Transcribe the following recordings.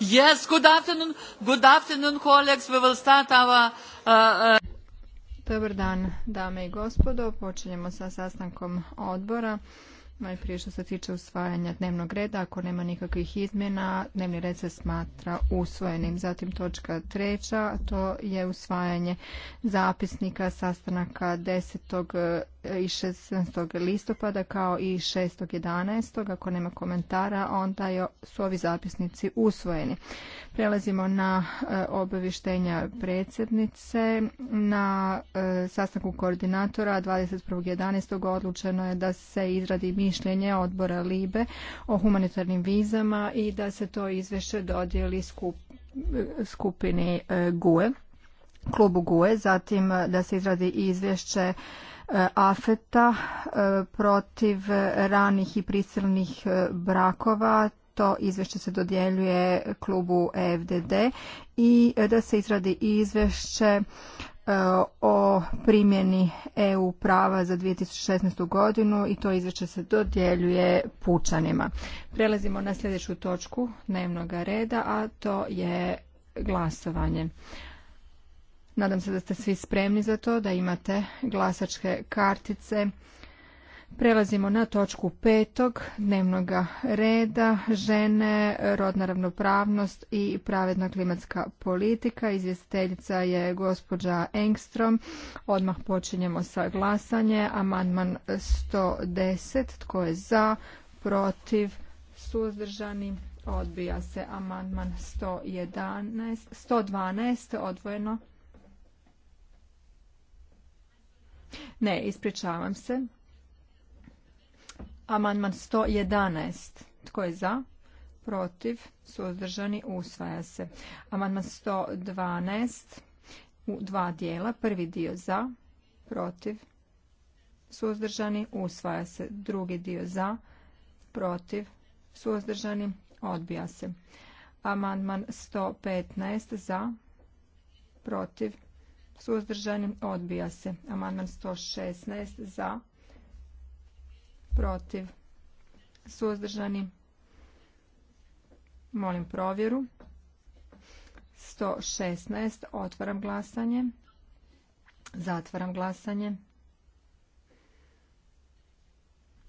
Yes, good afternoon. Good afternoon, colleagues. We will start uh, uh, Dobar dan, dame i gospodo. Počinjemo sa sastankom odbora. Najprije što se tiče usvajanja dnevnog reda, ako nema nikakvih izmjena, dnevni red se smatra usvojenim. Zatim točka treća, to je usvajanje zapisnika sastanaka 10 i 16. listopada kao i 6.11. Ako nema komentara, onda su ovi zapisnici usvojeni. Prelazimo na e, obavištenja predsjednice. Na e, sastanku koordinatora 21.11. odlučeno je da se izradi mišljenje odbora LIBE o humanitarnim vizama i da se to izvješće dodijeli e, skupini GUE klubu GUE, zatim e, da se izradi izvješće e, AFETA e, protiv ranih i prisilnih brakova, to izvješće se dodjeljuje klubu EFDD i da se izradi izvješće o primjeni EU prava za 2016. godinu i to izvješće se dodjeljuje pučanima. Prelazimo na sljedeću točku dnevnog reda, a to je glasovanje. Nadam se da ste svi spremni za to, da imate glasačke kartice. Prelazimo na točku petog dnevnog reda, žene, rodna ravnopravnost i pravedna klimatska politika. Izvjestiteljica je gospođa Engstrom. Odmah počinjemo sa glasanje. Amandman 110. Tko je za, protiv, suzdržani? Odbija se amandman 111. 112. Odvojeno. Ne, ispričavam se. Amandman 111. Tko je za? Protiv? Suzdržani? Usvaja se. Amandman 112. U dva dijela. Prvi dio za? Protiv? Suzdržani? Usvaja se. Drugi dio za? Protiv? Suzdržani? Odbija se. Amandman 115. Za? Protiv? Suzdržani odbija se. Amandman 116 za. Protiv. Suzdržani. Molim provjeru. 116. Otvaram glasanje. Zatvaram glasanje.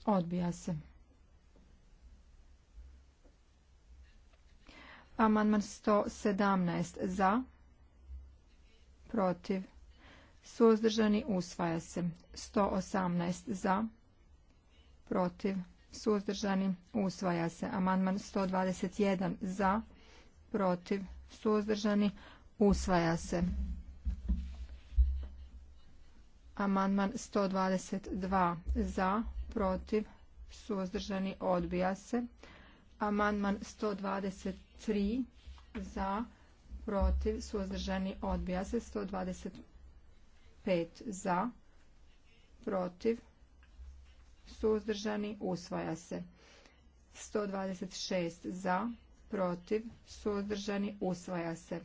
Odbija se. Amandman 117 za protiv, suzdržani, usvaja se. 118 za, protiv, suzdržani, usvaja se. Amandman 121 za, protiv, suzdržani, usvaja se. Amandman 122 za, protiv, suzdržani, odbija se. Amandman 123 za, protiv, suzdržani, odbija se. 125 za, protiv, suzdržani, usvaja se. 126 za, protiv, suzdržani, usvaja se.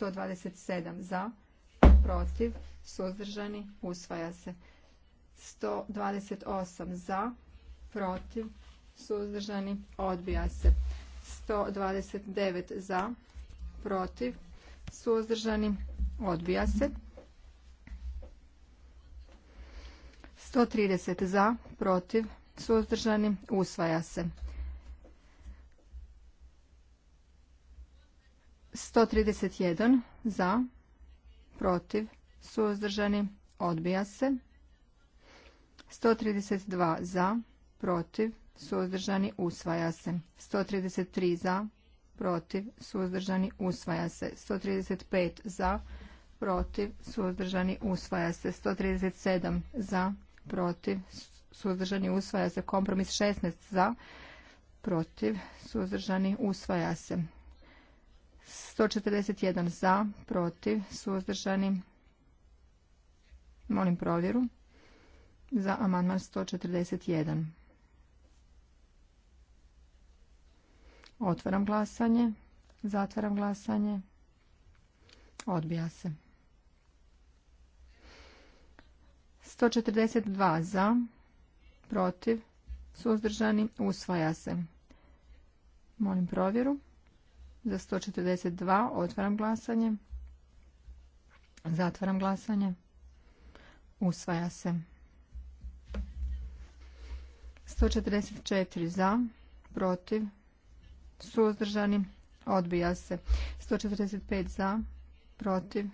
127 za, protiv, suzdržani, usvaja se. 128 za, protiv, suzdržani, odbija se. 129 za, protiv, suzdržani, odbija se. 130 za, protiv, suzdržani, usvaja se. 131 za, protiv, suzdržani, odbija se. 132 za, protiv, suzdržani, usvaja se. 133 za, protiv, suzdržani, usvaja se. 135 za, protiv, suzdržani, usvaja se. 137 za, protiv, suzdržani, usvaja se. Kompromis 16 za, protiv, suzdržani, usvaja se. 141 za, protiv, suzdržani, molim provjeru za amandman 141. Otvaram glasanje. Zatvaram glasanje. Odbija se. 142 za, protiv, suzdržani, usvaja se. Molim provjeru. Za 142 otvaram glasanje. Zatvaram glasanje. Usvaja se. 144 za, protiv, suzdržani, odbija se. 145 za, protiv,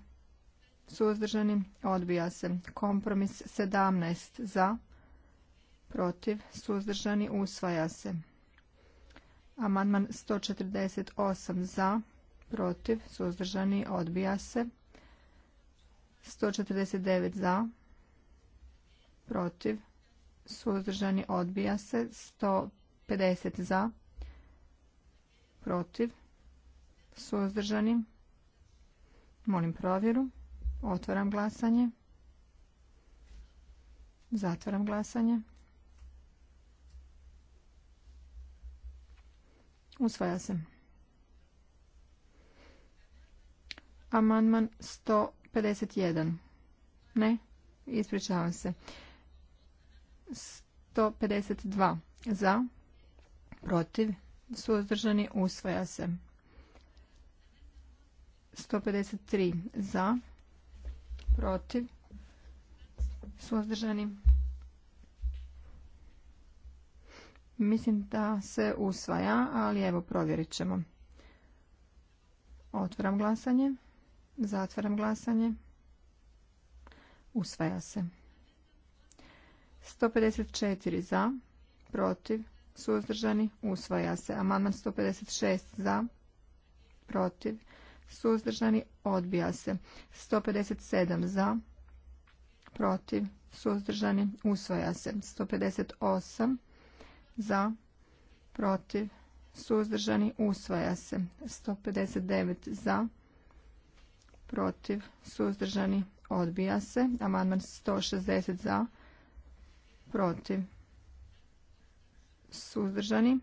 suzdržani, odbija se. Kompromis 17 za, protiv, suzdržani, usvaja se. Amandman 148 za, protiv, suzdržani, odbija se. 149 za, protiv, suzdržani, odbija se. 150 za, protiv, suzdržani. Molim provjeru. Otvaram glasanje. Zatvaram glasanje. Usvaja se. Amandman 151. Ne, ispričavam se. 152. Za, protiv, suzdržani, usvaja se. 153 za, protiv, suzdržani. Mislim da se usvaja, ali evo provjerit ćemo. Otvaram glasanje, zatvaram glasanje, usvaja se. 154 za, protiv, suzdržani, usvaja se. Amandman 156 za, protiv, suzdržani, odbija se. 157 za, protiv, suzdržani, usvaja se. 158 za, protiv, suzdržani, usvaja se. 159 za, protiv, suzdržani, odbija se. Amandman 160 za, protiv, suzdržani.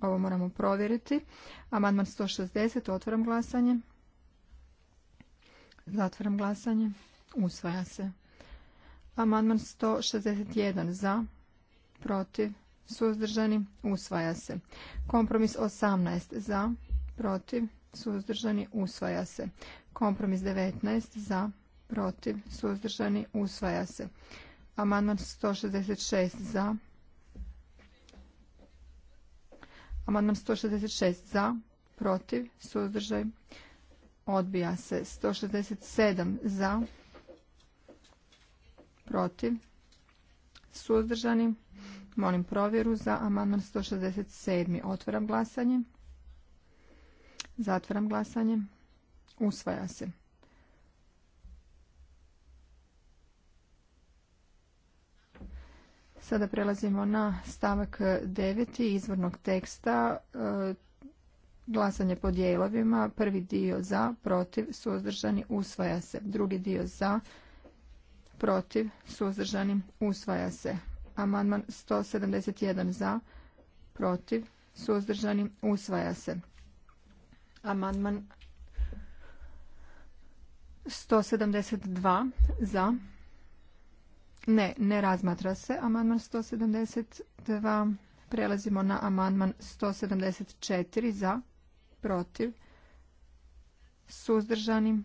Ovo moramo provjeriti. Amandman 160. Otvaram glasanje. Zatvaram glasanje. Usvaja se. Amandman 161. Za. Protiv. Suzdržani. Usvaja se. Kompromis 18. Za. Protiv. Suzdržani. Usvaja se. Kompromis 19. Za. Protiv. Suzdržani. Usvaja se. Amandman 166. Za. Amandman 166 za, protiv, suzdržaj, odbija se. 167 za, protiv, suzdržani. Molim provjeru za amandman 167. Otvaram glasanje. Zatvaram glasanje. Usvaja se. Sada prelazimo na stavak 9. izvornog teksta. E, glasanje po dijelovima. Prvi dio za, protiv, suzdržani, usvaja se. Drugi dio za, protiv, suzdržani, usvaja se. Amandman 171 za, protiv, suzdržani, usvaja se. Amandman 172 za, ne, ne razmatra se amandman 172. Prelazimo na amandman 174 za, protiv, Suzdržanim.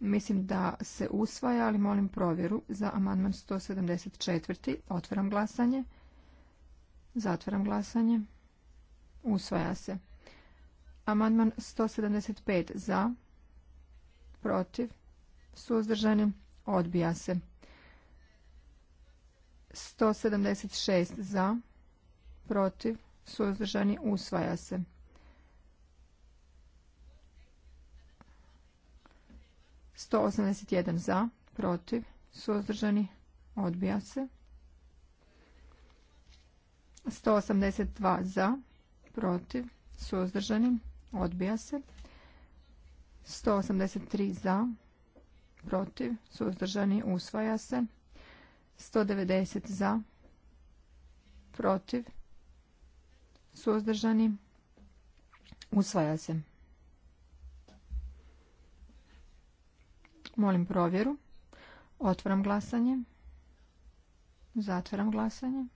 Mislim da se usvaja, ali molim provjeru za amandman 174. Otvaram glasanje. Zatvaram glasanje. Usvaja se. Amandman 175 za, protiv, Suzdržanim. Odbija se. 176 za, protiv, suzdržani, usvaja se. 181 za, protiv, suzdržani, odbija se. 182 za, protiv, suzdržani, odbija se. 183 za, protiv, suzdržani, usvaja se. 190 za, protiv, suzdržani, usvaja se. Molim provjeru. Otvaram glasanje. Zatvaram glasanje.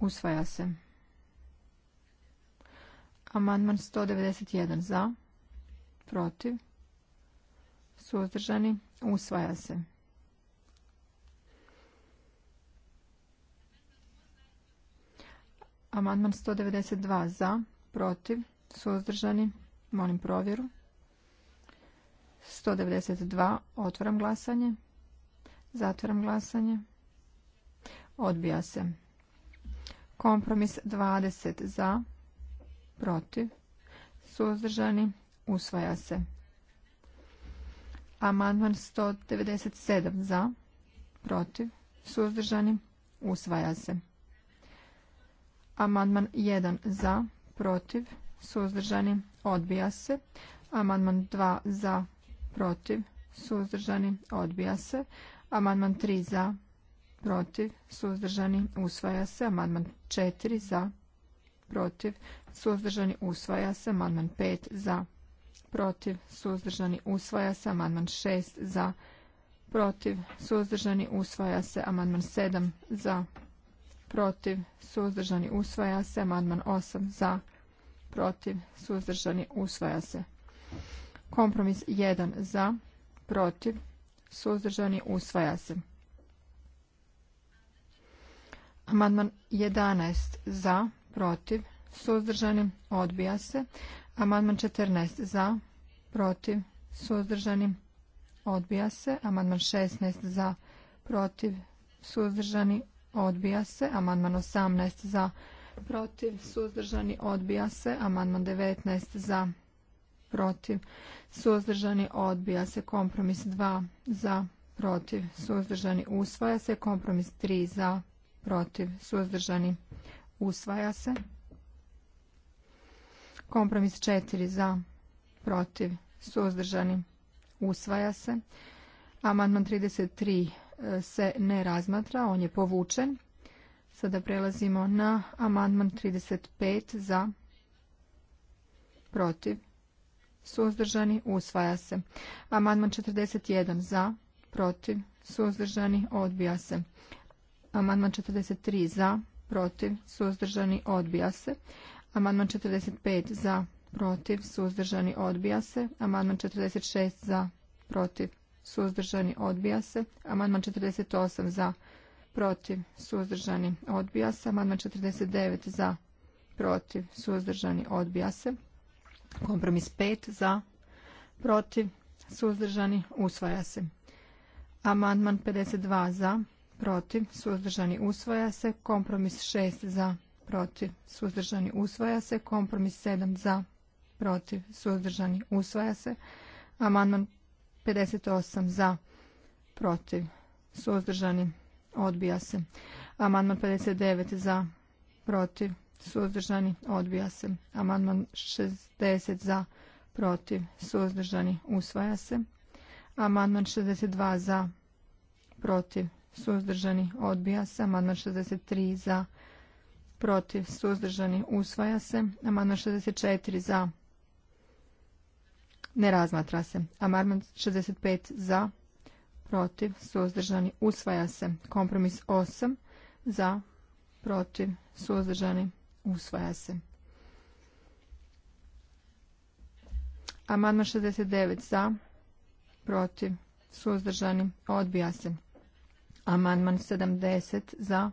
Usvaja se. Amandman 191 za, protiv, suzdržani, usvaja se. Amandman 192 za, protiv, suzdržani, molim provjeru. 192, otvaram glasanje, zatvaram glasanje, odbija se. Kompromis 20 za, protiv, suzdržani, usvaja se. Amandman 197 za, protiv, suzdržani, usvaja se. Amandman 1 za, protiv, suzdržani, odbija se. Amandman 2 za, protiv, suzdržani, odbija se. Amandman 3 za, protiv, suzdržani, usvaja se. Amandman 4 za, protiv, suzdržani, usvaja se. Amandman 5 za, protiv, suzdržani, usvaja se. Amandman 6 za, protiv, suzdržani, usvaja se. Amandman 7 za, protiv protiv, suzdržani, usvaja se. Amandman 8 za, protiv, suzdržani, usvaja se. Kompromis 1 za, protiv, suzdržani, usvaja se. Amandman 11 za, protiv, suzdržani, odbija se. Amandman 14 za, protiv, suzdržani, odbija se. Amandman 16 za, protiv, suzdržani, odbija se. Amandman 18 za, protiv, suzdržani, odbija se. Amandman 19 za, protiv, suzdržani, odbija se. Kompromis 2 za, protiv, suzdržani, usvaja se. Kompromis 3 za, protiv, suzdržani, usvaja se. Kompromis 4 za, protiv, suzdržani, usvaja se. Amandman 33 se ne razmatra, on je povučen. Sada prelazimo na amandman 35 za protiv suzdržani usvaja se. Amandman 41 za protiv suzdržani odbija se. Amandman 43 za protiv suzdržani odbija se. Amandman 45 za protiv suzdržani odbija se. Amandman 46 za protiv suzdržani, odbija se. Amandman 48 za, protiv, suzdržani, odbija se. Amandman 49 za, protiv, suzdržani, odbija se. Kompromis 5 za, protiv, suzdržani, usvaja se. Amandman 52 za, protiv, suzdržani, usvaja se. Kompromis 6 za, protiv, suzdržani, usvaja se. Kompromis 7 za, protiv, suzdržani, usvaja se. Amandman 58 za, protiv, suzdržani, odbija se. Amandman 59 za, protiv, suzdržani, odbija se. Amandman 60 za, protiv, suzdržani, usvaja se. Amandman 62 za, protiv, suzdržani, odbija se. Amandman 63 za, protiv, suzdržani, usvaja se. Amandman 64 za, ne razmatra se. Amarman 65 za, protiv, suzdržani, usvaja se. Kompromis 8 za, protiv, suzdržani, usvaja se. Amandman 69 za, protiv, suzdržani, odbija se. Amandman 70 za,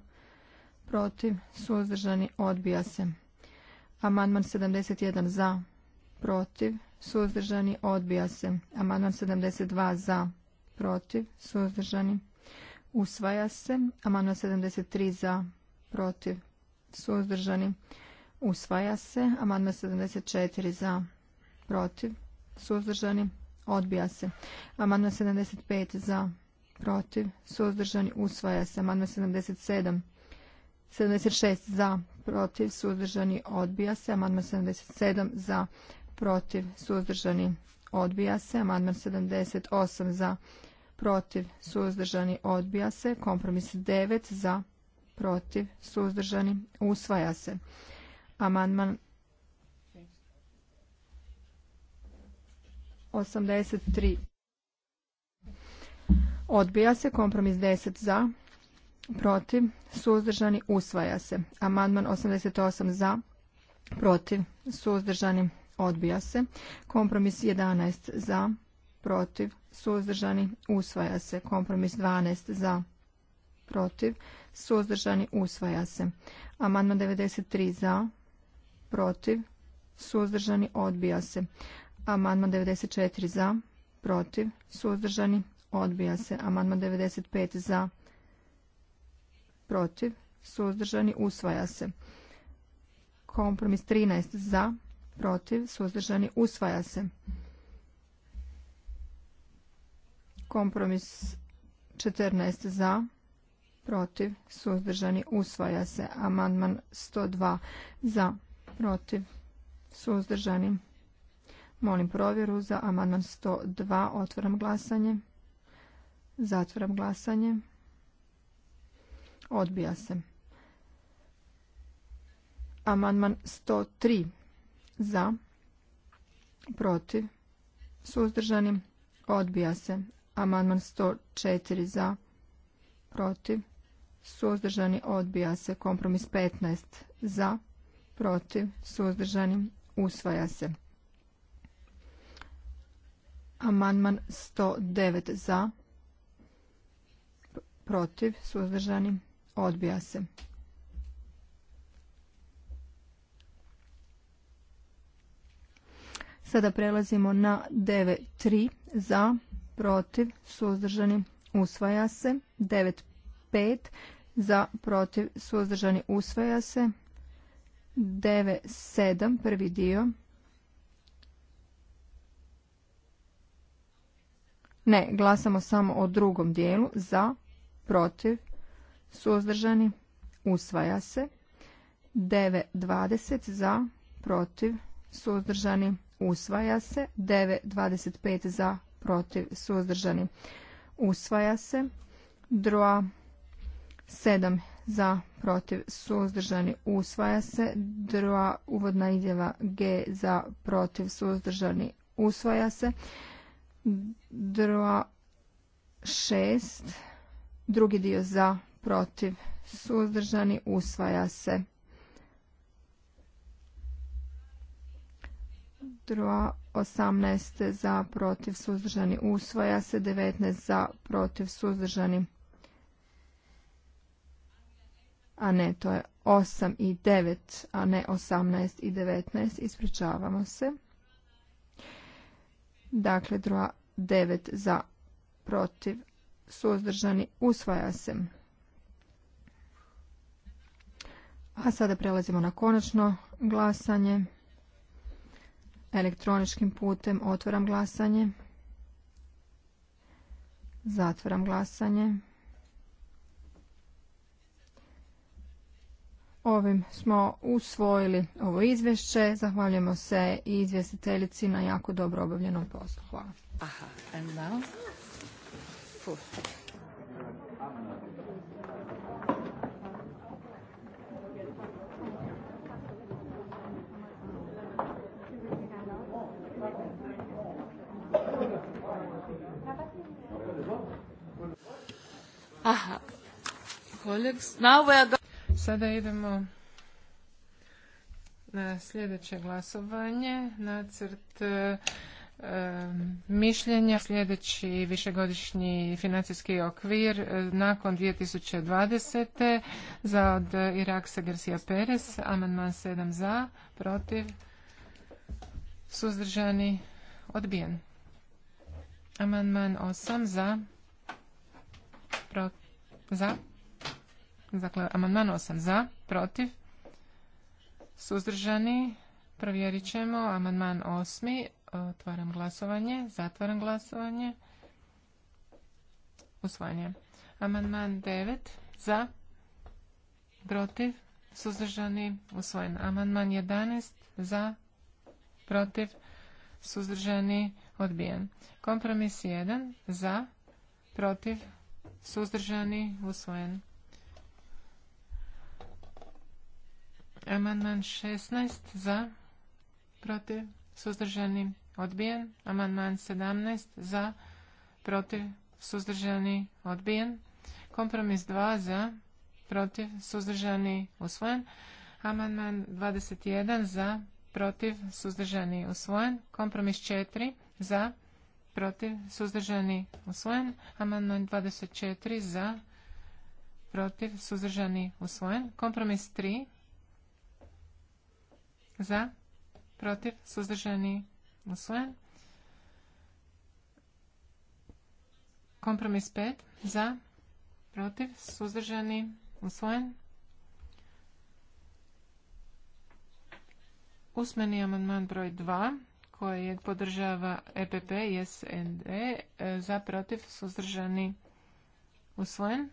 protiv, suzdržani, odbija se. Amandman 71 za, protiv, suzdržani, odbija se. Amandman 72 za, protiv, suzdržani, usvaja se. Amandman 73 za, protiv, suzdržani, usvaja se. Amandman 74 za, protiv, suzdržani, odbija se. Amandman 75 za, protiv, suzdržani, usvaja se. Amandman 77 76 za, protiv, suzdržani, odbija se. Amandman 77 za, protiv, suzdržani, odbija se. Amandman 78 za, protiv, suzdržani, odbija se. Kompromis 9 za, protiv, suzdržani, usvaja se. Amandman 83 odbija se. Kompromis 10 za, protiv, suzdržani, usvaja se. Amandman 88 za, protiv, suzdržani, Odbija se. Kompromis 11 za, protiv, suzdržani, usvaja se. Kompromis 12 za, protiv, suzdržani, usvaja se. Amandman 93 za, protiv, suzdržani, odbija se. Amandman 94 za, protiv, suzdržani, odbija se. Amandman 95 za, protiv, suzdržani, usvaja se. Kompromis 13 za, protiv, suzdržani, usvaja se. Kompromis 14 za, protiv, suzdržani, usvaja se. Amandman 102 za, protiv, suzdržani. Molim provjeru za amandman 102. Otvaram glasanje. Zatvaram glasanje. Odbija se. Amandman 103 za, protiv, suzdržani, odbija se. Amandman 104 za, protiv, suzdržani, odbija se. Kompromis 15 za, protiv, suzdržani, usvaja se. Amandman 109 za, protiv, suzdržani, odbija se. Sada prelazimo na 9.3 za, protiv, suzdržani, usvaja se. 9.5 za, protiv, suzdržani, usvaja se. 9.7 prvi dio. Ne, glasamo samo o drugom dijelu. Za, protiv, suzdržani, usvaja se. 9.20 za, protiv, suzdržani, usvaja se, 9.25 za, protiv, suzdržani, usvaja se, 2.7 7 za, protiv, suzdržani, usvaja se, 2. uvodna izjava G za, protiv, suzdržani, usvaja se, 2.6 6, drugi dio za, protiv, suzdržani, usvaja se. 18 za protiv suzdržani usvaja se 19 za protiv suzdržani a ne to je 8 i 9 a ne 18 i 19 ispričavamo se dakle 9 za protiv suzdržani usvaja se a sada prelazimo na konačno glasanje elektroničkim putem otvaram glasanje zatvaram glasanje Ovim smo usvojili ovo izvješće. Zahvaljujemo se i izvjestiteljici na jako dobro obavljenom poslu. Hvala. Aha, Aha. Sada idemo na sljedeće glasovanje. Nacrt e, e, mišljenja sljedeći višegodišnji financijski okvir e, nakon 2020. za od Iraksa Garcia Perez. Amandman 7 za, protiv, suzdržani, odbijen. Amandman 8 za, za, dakle, amandman 8 za, protiv, suzdržani, provjerit ćemo, amandman 8, otvaram glasovanje, zatvaram glasovanje, usvajanje. Amandman 9 za, protiv, suzdržani, usvojen. Amandman 11 za, protiv, suzdržani, odbijen. Kompromis 1 za, protiv, Suzdržani? Usvojen. Amandman 16 za, protiv, suzdržani, odbijen. Amandman 17 za, protiv, suzdržani, odbijen. Kompromis 2 za, protiv, suzdržani, usvojen. Amandman 21 za, protiv, suzdržani, usvojen. Kompromis 4 za, protiv, suzdržani, usvojen. Amandman 24 za, protiv, suzdržani, usvojen. Kompromis 3 za, protiv, suzdržani, usvojen. Kompromis 5 za, protiv, suzdržani, usvojen. Usmeni amandman broj 2 kojeg podržava EPP i SND e, za protiv suzdržani usvojen.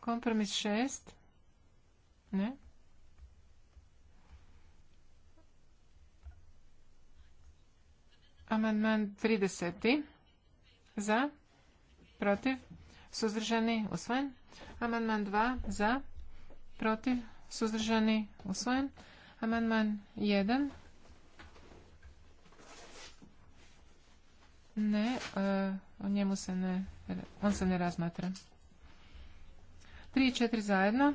Kompromis šest. Ne. Amandman 30. Za. Protiv. Suzdržani. Usvojen. Amandman 2. Za. Protiv. Suzdržani. Usvojen. Amandman 1. Ne, e, o njemu se ne, on se ne razmatra. 3 i 4 zajedno.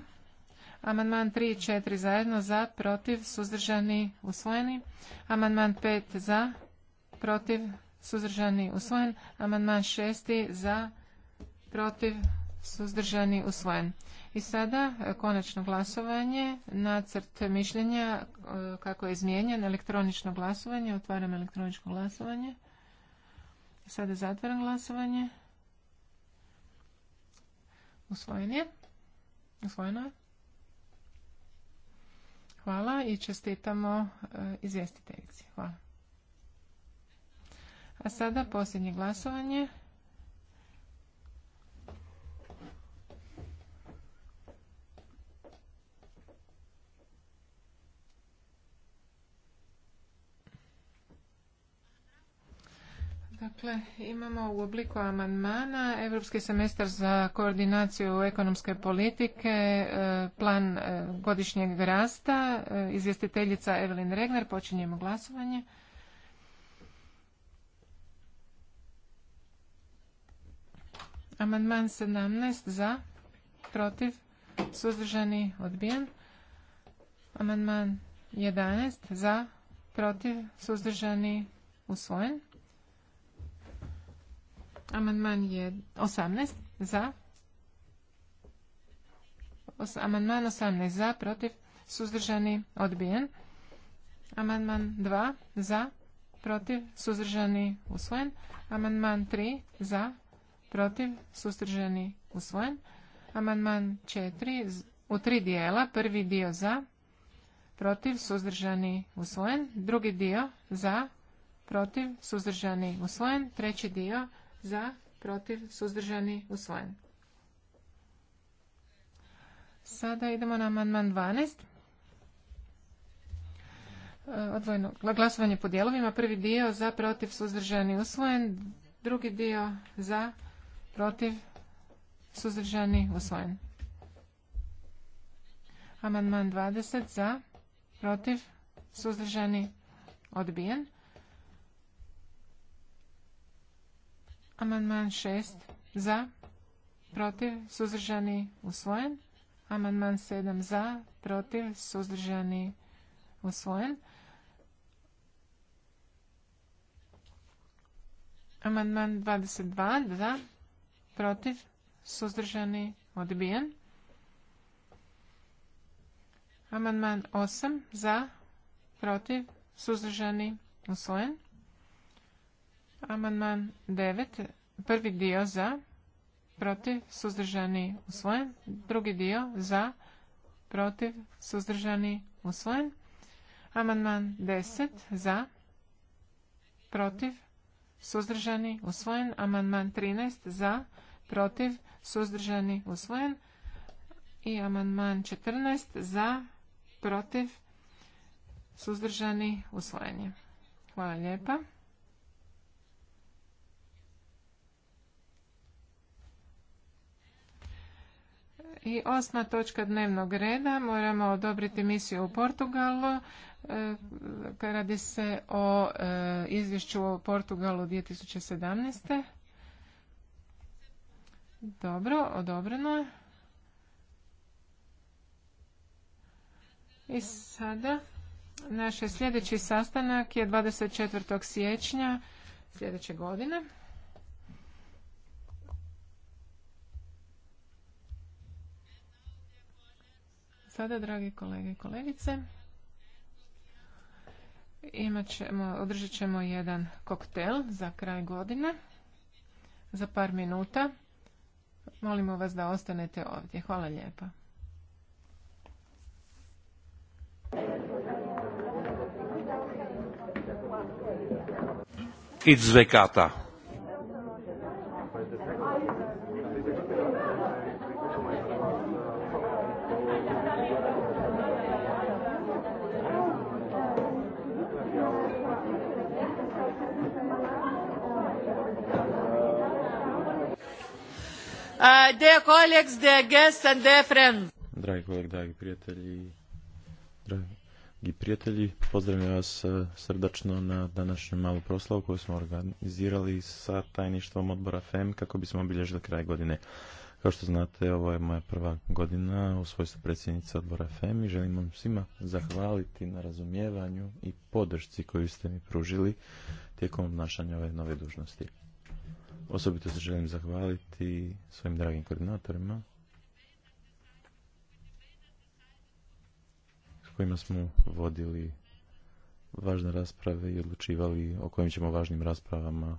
Amandman 3 i četiri zajedno za, protiv, suzdržani, usvojeni. Amandman 5 za, protiv, suzdržani, usvojen. Amandman 6 za, protiv, suzdržani, usvojen. I sada e, konačno glasovanje, nacrt mišljenja e, kako je izmijenjen, elektronično glasovanje, otvaram elektroničko glasovanje. Sada zatvaram glasovanje. Usvojen je. Usvojeno je. Hvala i čestitamo e, izvjestiteljici. Hvala. A sada posljednje glasovanje. Dakle, imamo u obliku amandmana Europski semestar za koordinaciju ekonomske politike, e, plan e, godišnjeg rasta, e, izvjestiteljica Evelin Regner, počinjemo glasovanje. Amandman 17 za, protiv, suzdržani, odbijen. Amandman 11 za, protiv, suzdržani, usvojen. Amandman je 18 za. Amandman 18 za, protiv, suzdržani, odbijen. Amandman 2 za, protiv, suzdržani, usvojen. Amandman 3 za, protiv, suzdržani, usvojen. Amandman 4 u tri dijela. Prvi dio za, protiv, suzdržani, usvojen. Drugi dio za, protiv, suzdržani, usvojen. Treći dio za za, protiv, suzdržani, usvojen. Sada idemo na amandman 12. E, odvojeno glasovanje po dijelovima. Prvi dio za, protiv, suzdržani, usvojen. Drugi dio za, protiv, suzdržani, usvojen. Amandman 20 za, protiv, suzdržani, odbijen. Amandman 6 za, protiv, suzdržani, usvojen. Amandman 7 za, protiv, suzdržani, usvojen. Amandman 22 za, protiv, suzdržani, odbijen. Amandman 8 za, protiv, suzdržani, usvojen. Amandman 9. Prvi dio za, protiv, suzdržani, usvojen. Drugi dio za, protiv, suzdržani, usvojen. Amandman 10. Za, protiv, suzdržani, usvojen. Amandman 13. Za, protiv, suzdržani, usvojen. I amandman 14. Za, protiv, suzdržani, usvojen Hvala lijepa. I osma točka dnevnog reda, moramo odobriti misiju u Portugalu. E, radi se o e, izvješću o Portugalu 2017. Dobro, odobreno. I sada naš sljedeći sastanak je 24. siječnja sljedeće godine. Sada, dragi kolege i kolegice, imat ćemo, održat ćemo jedan koktel za kraj godine, za par minuta. Molimo vas da ostanete ovdje. Hvala lijepa. It's vekata. Uh, dear Dragi koleg, dragi prijatelji, dragi prijatelji, pozdravljam vas uh, srdačno na današnju malu proslavu koju smo organizirali sa tajništvom odbora FEM kako bismo obilježili kraj godine. Kao što znate, ovo je moja prva godina u svojstvu predsjednice odbora FEM i želim vam svima zahvaliti na razumijevanju i podršci koju ste mi pružili tijekom obnašanja ove nove dužnosti. Osobito se želim zahvaliti svojim dragim koordinatorima s kojima smo vodili važne rasprave i odlučivali o kojim ćemo važnim raspravama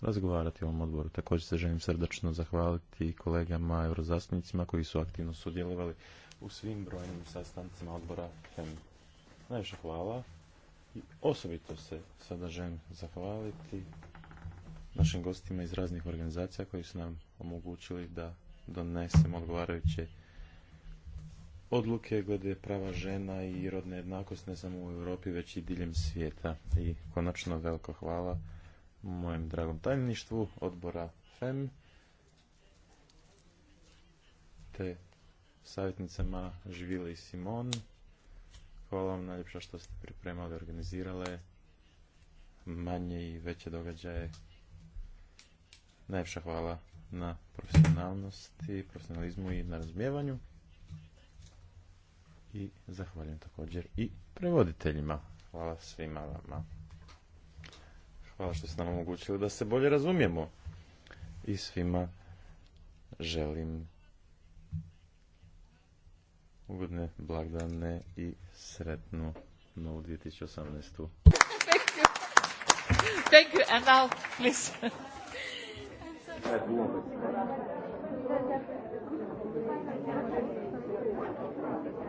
razgovarati u ovom odboru. Također se želim srdačno zahvaliti kolegama eurozastupnicima koji su aktivno sudjelovali u svim brojnim sastancima odbora FEM. Najviše hvala i osobito se sada želim zahvaliti našim gostima iz raznih organizacija koji su nam omogućili da donesemo odgovarajuće odluke glede prava žena i rodne jednakosti ne samo u Europi već i diljem svijeta. I konačno veliko hvala mojem dragom tajništvu odbora FEM te savjetnicama Živile i Simon. Hvala vam najljepša što ste pripremali, organizirale manje i veće događaje Najljepša hvala na profesionalnosti, profesionalizmu i na razumijevanju. I zahvaljujem također i prevoditeljima. Hvala svima vama. Hvala što ste nam omogućili da se bolje razumijemo. I svima želim ugodne blagdane i sretnu novu 2018. Thank you. please. Hvala